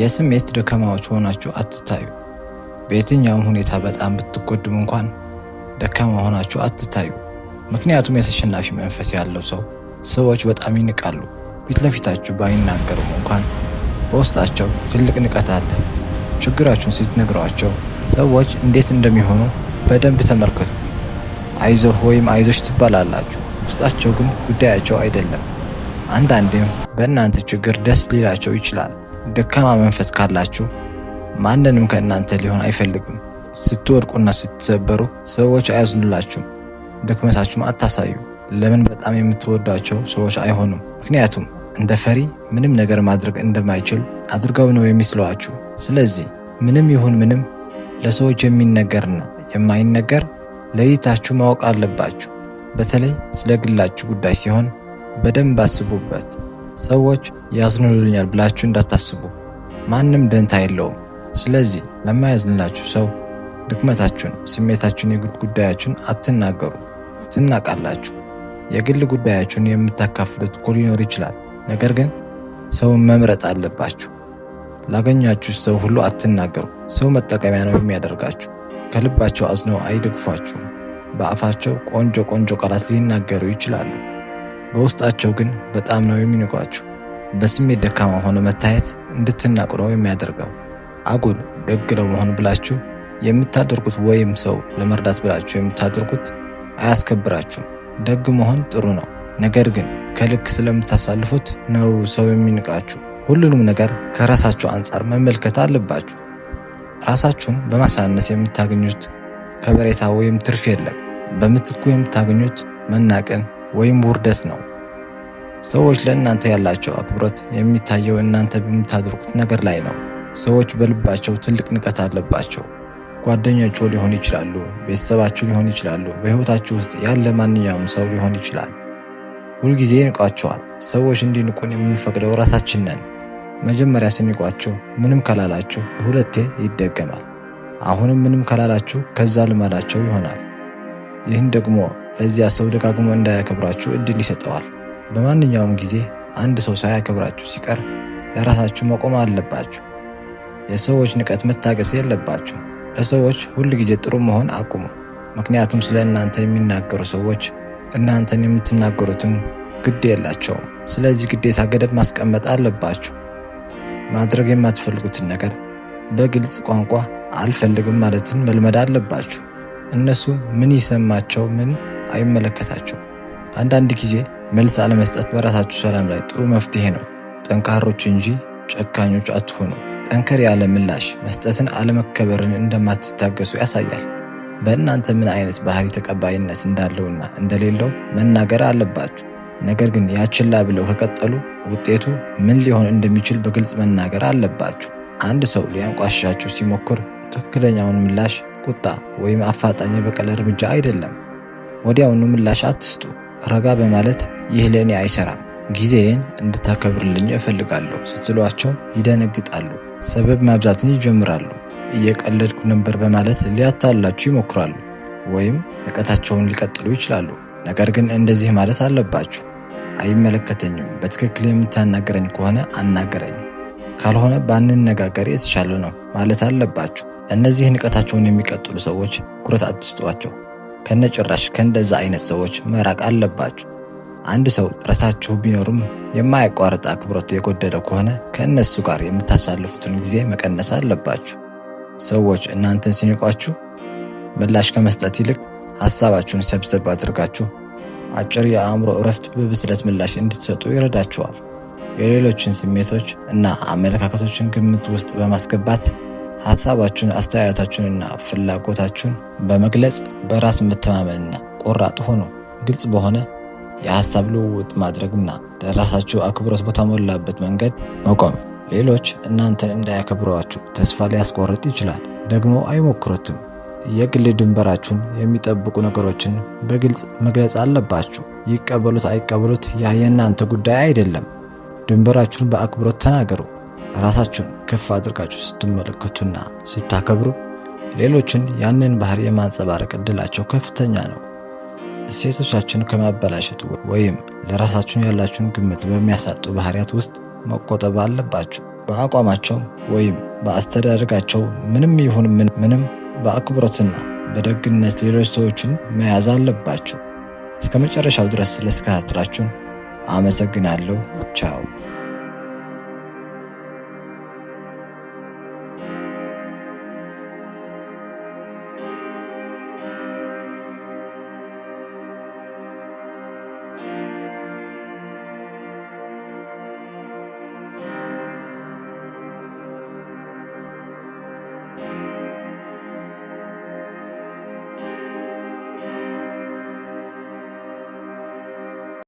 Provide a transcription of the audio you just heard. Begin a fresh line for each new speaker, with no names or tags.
የስሜት ደካማዎች ሆናችሁ አትታዩ። በየትኛውም ሁኔታ በጣም ብትጎድም እንኳን ደካማ ሆናችሁ አትታዩ። ምክንያቱም የተሸናፊ መንፈስ ያለው ሰው ሰዎች በጣም ይንቃሉ። ፊት ለፊታችሁ ባይናገሩም እንኳን በውስጣቸው ትልቅ ንቀት አለ። ችግራችሁን ስትነግሯቸው ሰዎች እንዴት እንደሚሆኑ በደንብ ተመልከቱ። አይዞህ ወይም አይዞች ትባላላችሁ። ውስጣቸው ግን ጉዳያቸው አይደለም። አንዳንዴም በእናንተ ችግር ደስ ሊላቸው ይችላል። ደካማ መንፈስ ካላችሁ ማንንም ከእናንተ ሊሆን አይፈልግም። ስትወድቁና ስትሰበሩ ሰዎች አያዝኑላችሁም። ድክመታችሁም አታሳዩ። ለምን በጣም የምትወዷቸው ሰዎች አይሆኑም። ምክንያቱም እንደ ፈሪ ምንም ነገር ማድረግ እንደማይችል አድርገው ነው የሚስለዋችሁ። ስለዚህ ምንም ይሁን ምንም ለሰዎች የሚነገርና የማይነገር ለይታችሁ ማወቅ አለባችሁ። በተለይ ስለ ግላችሁ ጉዳይ ሲሆን በደንብ አስቡበት። ሰዎች ያዝኑልኛል ብላችሁ እንዳታስቡ። ማንም ደንታ የለውም። ስለዚህ ለማያዝንላችሁ ሰው ድክመታችሁን፣ ስሜታችሁን፣ የግል ጉዳያችሁን አትናገሩ። ትናቃላችሁ። የግል ጉዳያችሁን የምታካፍሉት እኮ ሊኖር ይችላል። ነገር ግን ሰውን መምረጥ አለባችሁ። ላገኛችሁ ሰው ሁሉ አትናገሩ። ሰው መጠቀሚያ ነው የሚያደርጋችሁ። ከልባቸው አዝነው አይደግፏችሁም። በአፋቸው ቆንጆ ቆንጆ ቃላት ሊናገሩ ይችላሉ። በውስጣቸው ግን በጣም ነው የሚንቋችሁ። በስሜት ደካማ ሆኖ መታየት እንድትናቁ ነው የሚያደርገው። አጉል ደግ ለመሆን ብላችሁ የምታደርጉት ወይም ሰው ለመርዳት ብላችሁ የምታደርጉት አያስከብራችሁም። ደግ መሆን ጥሩ ነው፣ ነገር ግን ከልክ ስለምታሳልፉት ነው ሰው የሚንቃችሁ። ሁሉንም ነገር ከራሳችሁ አንጻር መመልከት አለባችሁ። ራሳችሁን በማሳነስ የምታገኙት ከበሬታ ወይም ትርፍ የለም። በምትኩ የምታገኙት መናቅን ወይም ውርደት ነው። ሰዎች ለእናንተ ያላቸው አክብሮት የሚታየው እናንተ በምታደርጉት ነገር ላይ ነው። ሰዎች በልባቸው ትልቅ ንቀት አለባቸው። ጓደኞቹ ሊሆን ይችላሉ፣ ቤተሰባችሁ ሊሆን ይችላሉ፣ በሕይወታችሁ ውስጥ ያለ ማንኛውም ሰው ሊሆን ይችላል። ሁልጊዜ ይንቋቸዋል። ሰዎች እንዲንቁን የምንፈቅደው ራሳችን ነን። መጀመሪያ ስንቋችሁ ምንም ከላላችሁ ሁለቴ ይደገማል። አሁንም ምንም ከላላችሁ ከዛ ልማዳቸው ይሆናል። ይህን ደግሞ ለዚያ ሰው ደጋግሞ እንዳያከብራችሁ እድል ይሰጠዋል። በማንኛውም ጊዜ አንድ ሰው ሳያከብራችሁ ሲቀር ለራሳችሁ መቆም አለባችሁ። የሰዎች ንቀት መታገስ የለባችሁ። ለሰዎች ሁል ጊዜ ጥሩ መሆን አቁሙ። ምክንያቱም ስለ እናንተ የሚናገሩ ሰዎች እናንተን የምትናገሩትን ግድ የላቸውም። ስለዚህ ግዴታ ገደብ ማስቀመጥ አለባችሁ። ማድረግ የማትፈልጉትን ነገር በግልጽ ቋንቋ አልፈልግም ማለትን መልመድ አለባችሁ። እነሱ ምን ይሰማቸው ምን አይመለከታቸውም። አንዳንድ ጊዜ መልስ አለመስጠት በራሳችሁ ሰላም ላይ ጥሩ መፍትሄ ነው። ጠንካሮች እንጂ ጨካኞች አትሆኑ። ጠንከር ያለ ምላሽ መስጠትን አለመከበርን እንደማትታገሱ ያሳያል። በእናንተ ምን አይነት ባህሪ ተቀባይነት እንዳለውና እንደሌለው መናገር አለባችሁ። ነገር ግን ያችላ ብለው ከቀጠሉ ውጤቱ ምን ሊሆን እንደሚችል በግልጽ መናገር አለባችሁ። አንድ ሰው ሊያንቋሻችሁ ሲሞክር ትክክለኛውን ምላሽ ቁጣ ወይም አፋጣኝ የበቀል እርምጃ አይደለም። ወዲያውኑ ምላሽ አትስጡ። ረጋ በማለት ይህ ለእኔ አይሰራም፣ ጊዜዬን እንድታከብርልኝ እፈልጋለሁ ስትሏቸው ይደነግጣሉ። ሰበብ ማብዛትን ይጀምራሉ። እየቀለድኩ ነበር በማለት ሊያታላችሁ ይሞክራሉ፣ ወይም ንቀታቸውን ሊቀጥሉ ይችላሉ። ነገር ግን እንደዚህ ማለት አለባችሁ፣ አይመለከተኝም፣ በትክክል የምታናገረኝ ከሆነ አናገረኝ፣ ካልሆነ ባንነጋገር የተሻለ ነው ማለት አለባችሁ። እነዚህ ንቀታቸውን የሚቀጥሉ ሰዎች ትኩረት አትስጧቸው። ከነጭራሽ ከእንደዛ አይነት ሰዎች መራቅ አለባችሁ። አንድ ሰው ጥረታችሁ ቢኖርም የማያቋርጥ አክብሮት የጎደለው ከሆነ ከእነሱ ጋር የምታሳልፉትን ጊዜ መቀነስ አለባችሁ። ሰዎች እናንተን ሲንቋችሁ ምላሽ ከመስጠት ይልቅ ሐሳባችሁን ሰብሰብ አድርጋችሁ አጭር የአእምሮ እረፍት በብስለት ምላሽ እንድትሰጡ ይረዳችኋል። የሌሎችን ስሜቶች እና አመለካከቶችን ግምት ውስጥ በማስገባት ሀሳባችሁን አስተያየታችሁንና ፍላጎታችሁን በመግለጽ በራስ መተማመንና ቆራጥ ሆኖ ግልጽ በሆነ የሀሳብ ልውውጥ ማድረግና ለራሳችሁ አክብሮት በተሞላበት መንገድ መቆም ሌሎች እናንተን እንዳያከብሯችሁ ተስፋ ሊያስቆርጥ ይችላል። ደግሞ አይሞክሩትም። የግል ድንበራችሁን የሚጠብቁ ነገሮችን በግልጽ መግለጽ አለባችሁ። ይቀበሉት አይቀበሉት ያ የእናንተ ጉዳይ አይደለም። ድንበራችሁን በአክብሮት ተናገሩ። ራሳችሁን ከፍ አድርጋችሁ ስትመለከቱና ስታከብሩ ሌሎችን ያንን ባህሪ የማንጸባረቅ እድላቸው ከፍተኛ ነው። እሴቶቻችን ከማበላሸት ወይም ለራሳችሁን ያላችሁን ግምት በሚያሳጡ ባህሪያት ውስጥ መቆጠብ አለባችሁ። በአቋማቸው ወይም በአስተዳደጋቸው ምንም ይሁን ምንም በአክብሮትና በደግነት ሌሎች ሰዎችን መያዝ አለባችሁ። እስከ መጨረሻው ድረስ ስለተከታተላችሁን አመሰግናለሁ። ቻው thank you